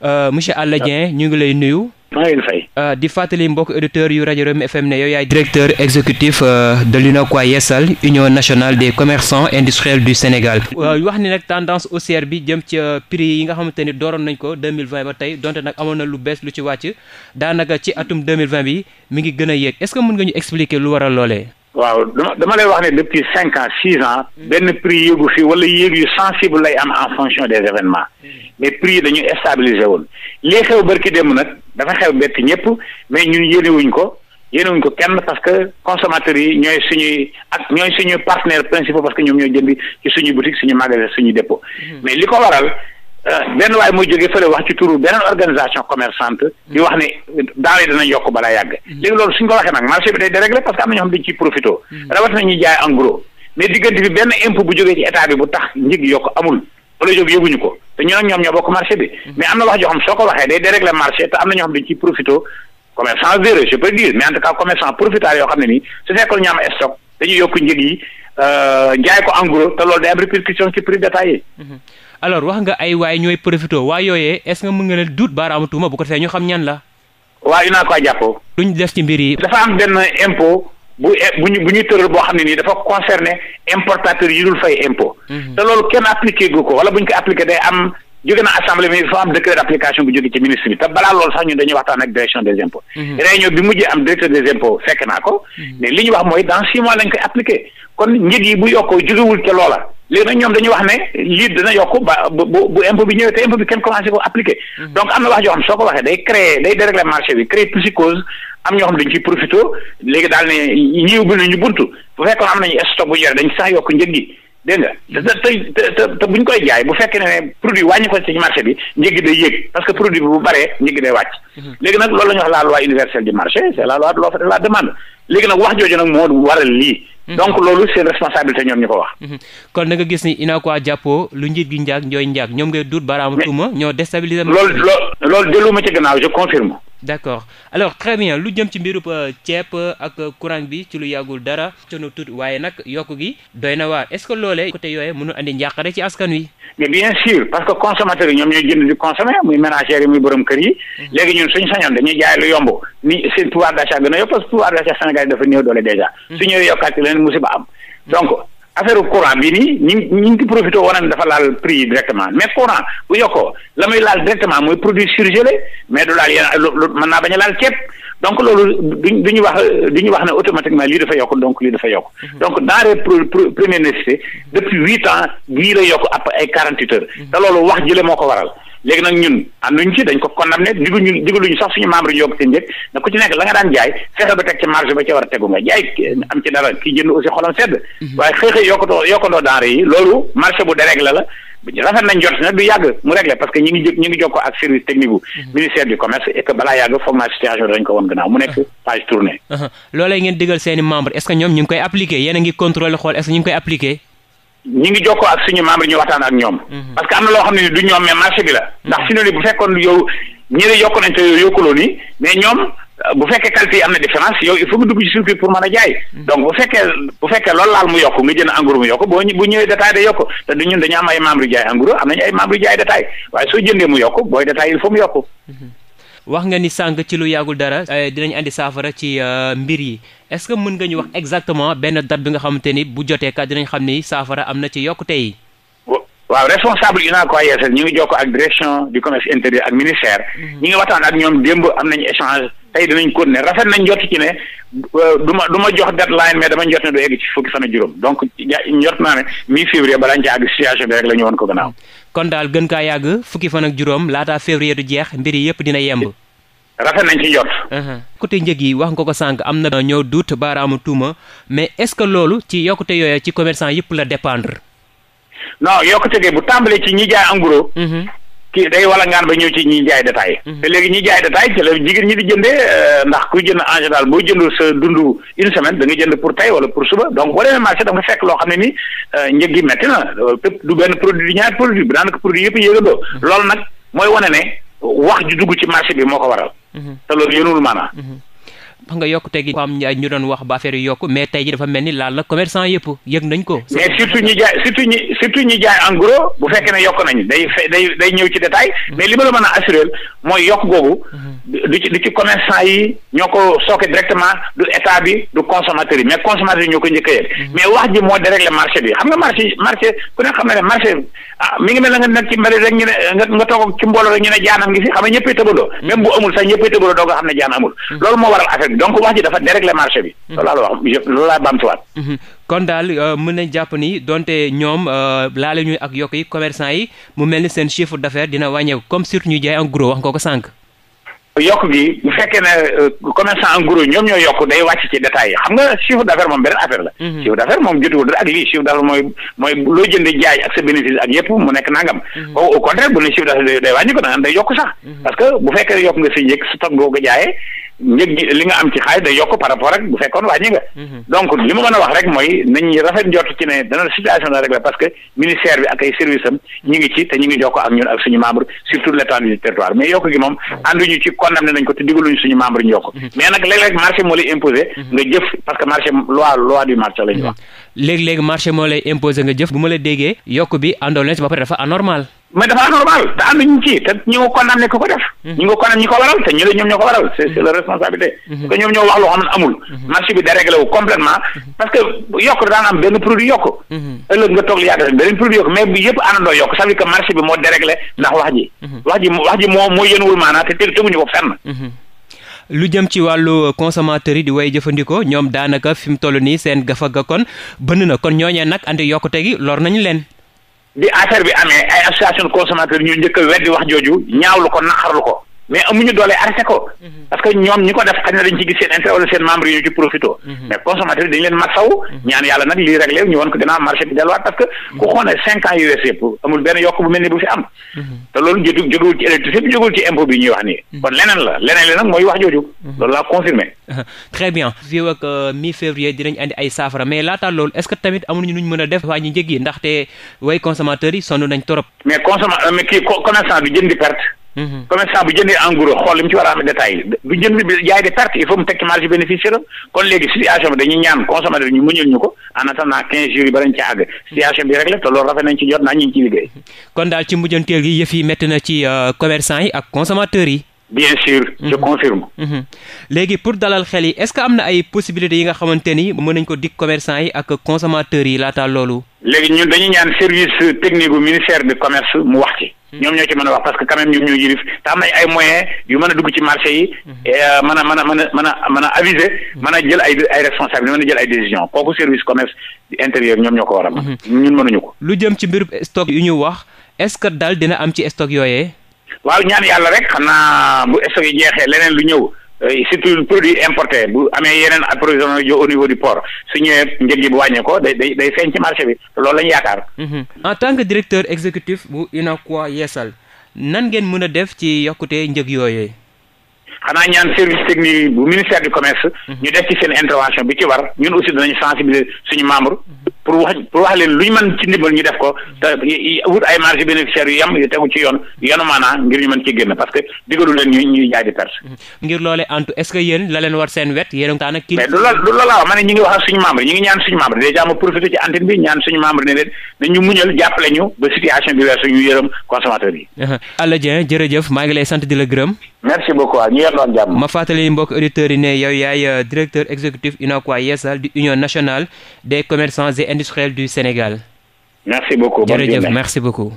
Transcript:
Euh, monsieur Alla ah. Dieng ñu ngi lay nuyu. Euh, di fàttali mbokk auditeurs yu rajo Rewmi FM ne yow yaay directeur exécutif euh, de l'UNACOIS Yessal union nationale des commerçants industriels du Sénégal. wax ni nag tendance haussière bi jëm ca prix yi nga xamante ni dooroon nañ ko 2020 ba tey donte nag amoon na lu bees lu ci wàcc daanaka ci atum 2020 bi mi ngi gën a yéeg est-ce que mën nga ñu expliquer lu waral loolee. waaw dama dama lay wax ne depuis cinq ans six ans benn prix yéegu fi wala yéeg yu sensible lay am en fonction des événements mais prix yi dañu stabiliser woon lii xew barki démb nag dafa xew bett ñëpp mais ñun yéenewuñ ko yéenewuñ ko kenn parce que consommateurs yi ñooy suñuy ak ñooy suñuy partenaires principaux parce que ñoom ñooy jënd ci suñuy boutique suñu magasin suñu dépôt hmm. mais li ko waral Euh, benn waaye muy jógee fële wax ci turu beneen organisation commerçante di wax ne daal danañ yokk balaa yàgg mm. léegi loolu suñ ko waxee nag marché bi day déréglé parce que am na ñoo xam dañ mm. benn impôt bu jógee ci état bi bu tax njëg yokk amul wala jóg yëguñu ko te ñu nag ñoom ñoo mm. dire mais en tout cas yoo xam ne nii su fekkoon ñu am dañu yokk njëg yi euh, njaay ko en gros te loolu day am répercussion ci prix détaillé mhm. alors wax nga ay waay ñooy profité waa yooyee est-ce mën nga ne duut baaraamu tuuma bu ko defee ñu xam ñan la. waaye yu naa ko jàppoo. duñ def ci mbir yi. dafa am benn impôt bu bu ñu bu boo xam ne nii dafa concerné importateur yi dul fay impôt. Mhm. te loolu kenn appliqué gu ko wala bu ko appliqué day am jóge na assemblée bi fa am décret d' application bu jóge ci ministre bi te balaa loolu sax ñun dañuy waxtaan ak direction des impôts. Mhm. réunion bi mujjee am directeur des impôts fekk naa ko. Mhm. mais li ñu wax mooy dans six lañ koy appliqué kon njëg yi bu yokkoo jógewul ca loola. léegi nag ñoom dañu wax ne lii dina yokk ba bu bu impôt bi ñëwee te impôt bi kenn commencé ko appliqué. Mhm. donc am na wax joo xam soo ko waxee day créer day dérégler marché bi créer plus cause am léegi daal ne ñii ubbil nañu buntu bu fekkoon am nañu stock bu dañ sax yokk njëg yi dégg nga mm-hmm. te te te te buñ koy jaay bu fekkee ne produit wàññi ko ci marché bi njëg day yéeg parce que produit bi bu baree njëg day wàcc. Mm-hmm. léegi nag loolu la ñuy wax la loi universelle du marché c'est la loi de l'offre de la demande léegi nag wax jooju nag moo waral lii. Mm-hmm. donc loolu seen responsabilité ñoom ñu ko wax. kon da nga gis ni Unacois jàppoo lu njiit gi njaag njooy njaag ñoom ngay duut baraamu tuuma ñoo déstabiliser. loolu loo loolu dellu ma ci gannaaw je d'accord alors très bien lu jëm ci mbirub euh, ceeb euh, ak euh, courant bi ci lu yàggul dara coono waaye nag yokk gi doy na waar est-ce que loolee côté yooyu mënul andi njàqare ci askan wi. mais bien sûr parce que consommateurs yi ñoom ñooy jënd di consommer muy ménagères yi muy borom kër yi. léegi ñun suñu sañoon dañuy jaay lu yomb ni seen pouvoir d'achat gën a yokk parce que pouvoir d'achat Sénégal dafa néew doole déjà. su ñëwee yokkaat leen musiba am donc. affaire courant bi nii ñu ñu ngi profité wane dafa laal prix directement mais courant bu yokkoo la muy laal directement mooy produit surgelé mais du laal yenn lu mën naa bañ a laal ceeb donc loolu duñ duñu wax ñu wax ne automatiquement lii dafa yokk donc lii dafa yokk mhm. donc denrée première nécessité depuis huit ans lii la yokk ab ay quarante-huit mhm. te loolu wax jële moo ko waral léegi nag ñun ànduñ ci dañ ko condamné digu ñu digaluñu sax suñu membre ñu yokk seen njëg na ku ci nekk la daan jaay fexe ba teg ci marché ba ca war a tegu nga jaay am ci dara kii mhm. mhm. ministère du commerce et balaa yàgg foog naa situation dañ ko woon gannaaw mu nekk mhm. page tournée. Uh-huh. loolay ngeen digal seeni membre est-ce que ñoom ñu ngi koy appliqué yéen ngi contrôlé xool est-ce que ñu ngi koy appliqué ñi ngi jokkoo ak suñu membre ñu waxtaan ak ñoom. Mhm. parce que am na loo xam du ñoom mais marché bi la. ndax fi bu fekkoon yow ñële nañ te yow yokkuloo nii mais ñoom euh, bu fekkee qualité yi am na différence yow il faut nga dugg ci circuit pour mën a jaay. Mhm. donc bu fekkee bu fekkee loolu laal mu yokk nga jënd engrais mu yokk boo bu ñëwee détail day yokk te du ñun dañu am ay membre yu jaay engrais am nañu ay membre yu jaay détail waaye soo jëndee mu yokk booy détail il faut mu wax nga ni sànq ci lu yàggul dara eh, dinañ andi saafara ci eh, mbir yi est-ce que mën nga ñu wax exactement benn date bi nga xamante ni bu jotee kat dinañ xam ni saafara am na ci yokkute yi. waaw responsable UNACOIS ñu ngi jokkoo ak direction du commerce intérieur ak ministère. Mhm. ñu waxtaan ak ñoom démb am nañu échange tey dinañ ko ne rafet nañ jot ci ne euh, ma du ma jox deadline mais dama jot ne du egg ci fukki fan ak juróom donc jot naa ne mi février la ñu woon ko gannaaw. kon daal gën kaa yàgg fukki fan ak juróom laataa février du jeex mbir yi yëpp dina yemb. rafet nañ ci njot côté njëg yi wax nga ko sànq am na ñoo duut baaraamu tuuma mais est-ce que loolu ci yokkute yooyu ci commerçant yëpp la dépendre non yokkute gi bu tàmbalee ci ñi jaay en mhm. ki day wala ngaan ba ñëw ci ñi jaay détail mhm. te léegi ñi jaay détail ci jigéen ñi di jëndee euh, ndax kuy jënd en boo jëndul sa dundu une semaine da nga jënd pour tey wala pour suba donc boo demee marché da nga fekk loo xam ne ni euh, njëg gi metti na euh, du benn produit du ñaari Mhm. te loolu yënul maanaa wax mhm. nga yokk tegi ko am ñu doon wax ba affaire yokk mais tey ji dafa mel ni laal na commerçant yëpp yëg nañ ko mais surtout ñi jaay surtout ñu surtout ñi jaay en bu fekkee ne yokk nañ day fe day day ñëw ci détail mhm. mais li ma la man a assurer mooy yokk googu li ci commerçant yi ñoo ko sooke directement du état bi du consommateur yi mais consommateur yi ñoo ko njëkk a mm-hmm. mais wax ji moo dérégler marché bi xam nga marché marché ku ne xam ne marché ah mi ngi mel na nga nekk ci mbari rek ñu ne nga toog ci mbooloo rek ñu ne jaanam ngi fi xam ne ñëppay tëbaloo mm-hmm. même bu amul sax ñëppay tëbaloo doo nga xam ne jaan amul mm-hmm. loolu moo waral affaire bi donc wax ji dafa dérégler marché bi loolu laa la wax loolu laa bamtuwaat kon daal euh, euh, yi mu mel ni seen chiffre d'affaires comme surtout ñu jaay ko sànq yokk gi bu fekkee ne euh, commerçant en gros ñoom ñoo yokk day wàcc ci détails yi xam nga chiffre d'affaires moom beneen affaire la. Mhm. chiffre d'affaires mooy mooy loo jënd jaay ak sa bénéfice ak yépp mu nekk nangam. Mhm. au au contraire bu ne chiffre d'affaires day wàññi ko da day yokk sax. Mhm. parce que bu fekkee yokk nga si njëg stock boo ko njëg li nga am ci xaalis day yokk par rapport ak bu fekkoon wàññi nga. donc li ma mën a wax rek mooy nañ rafet njort ci condamné nañ ko te digaluñu suñu membre ñu yokk mhm. mais nag léeg-léeg marché moo lay imposé mhm. nga jëf parce que marché loi loi du marché la mhm. wax léeg-léeg marché moo lay imposé nga jëf bu ma la déggee yokk bi àndoo leen si ba pare dafa anormal mais dafa anormal te ànd ñu ci te ñu ngi ne ko ko def. Mhm. ñu ngi condamné ñi ko waral te ñu ne ñoom ñoo ko waral c'est c'est la responsabilité. Mhm. parce ñoom ñoo wax loo xam ne amul. Mhm. marché bi déréglé wu complètement parce que yokk daan am benn produit yokk. ëllëg nga toog yàgg rek benn produit yëpp àndandoo yokk ça veut dire que marché bi moo déréglé ndax wax ji. wax ji wax ji moo moo yënuwul maanaa te teguñu ko fenn. lu jëm ci wàllu consommateur yi di way jëfandikoo ñoom daanaka fi mu toll nii seen gafa ga kon bënn na kon ñooñee nag andi yokkute gi lor nañu leen bi affaire bi amee ay association de ñu njëkk weddi wax jooju ñaawlu ko naqarlu ko mais amuñu doole arrêté ko mhm. parce que ñoom ñi ko def xañ na dañ ci gis seen intérêt wala seen membre yi ñu ci profito mhm. mais consommateur yi dañu leen mat saw mhm. ñaan yàlla nag lii réglé ñu woon ko dinaa marché bi delluwaat parce que ku xoone cinq ans US yëpp amul benn yokk bu mel ni bu fi am te loolu jógul ci électricité bi jógul ci impôt bi ñuy wax nii kon leneen la leneen li nag mooy wax jooju loolu laa confirmé très bien fii ak euh, mi février dinañ andi ay saafara mais laata loolu est ce que tamit amuñu nuñ mën a def wàññi njëg yi ndaxte way consommateurs yi sonn nañ trop. Euh, de mhm. perte il faut mu tekki marge bénéficiaire kon léegi situation bi dañuy ñaan consommateur ñu muñul ñu ko en attendant quinze jours yi ba dañ ci àgg situation bi réglé te loolu rafet nañ ci jot naa ñu ngi ciy liggéey. kon daal ci mujjanteel gi yëf yi métti na ci euh, commerçant yi ak consommateurs yi. bien sûr je mhm. confirme mhm. léegi pour dalal xel yi est-ce que am na ay possibilités yi nga xamante ni mën nañ ko dig commerçant yi ak consommateurs yi laata loolu léegi ñun dañuy ñaan service technique bu ministère de commerce mu wax ci mhm. ñoom ñoo ci mën a wax parce que quand même ñu ñoo te am nañ ay moyen yu mën a dugg ci marché yi euh, mën a mën a mën a mën a mën a aviser mën a jël ay ay responsabilité mën a jël ay décision kooku service commerce intérieur ñoom ñoo ko war a mën ñun mënuñu ko lu jëm ci mbirum stock yu ñu wax est-ce que dal dina am ci stock yooyee waaw ñaan yàlla rek xam naa bu stock yi jeexee leneen lu ñëw euh, surtout produit importé bu amee yeneen approvisionnement jo au niveau du port su ñëwee njëg yi bu wàññee day day feeñ ci marché bi loolu lañu yaakaar. Mhm. en tant directeur exécutif bu UNACOIS Yeesal nan mën a def ci yokkute njëg yooyu. xanaa ñaan service technique bu ministère du commerce. Mhm. ñu def ci seen intervention bi ci war ñun aussi danañ sensibiliser suñu membre mhm. pour wax pour wax leen lu ñu mën ci ndimbal ñu def ko te wut ay marge bénéficiaire yu yam yu tegu ci yoon yanu maanaa ngir ñu mën ci génn parce que digalu leen ñu ñuy jaay di perte. Mm-hmm. ngir loolee antu est-ce que yéen la leen war seen wet yéen a ngi. mais du loolu du loolaa wax ma ne ñu ngi wax ak suñu membre ñu ngi bi muñal jàppale ñu ba situation bi weesu ñu yërëm consommateur yi. Alla Dieng jërëjëf maa ngi lay sant di la gërëm. merci beaucoup ñu ma fàttali mbokk auditeurs yi ne yow yaay euh, directeur exécutif UNACOIS Yeesal du union nationale des commerçants et industriels du Sénégal. merci beaucoup jërëjëf merci beaucoup.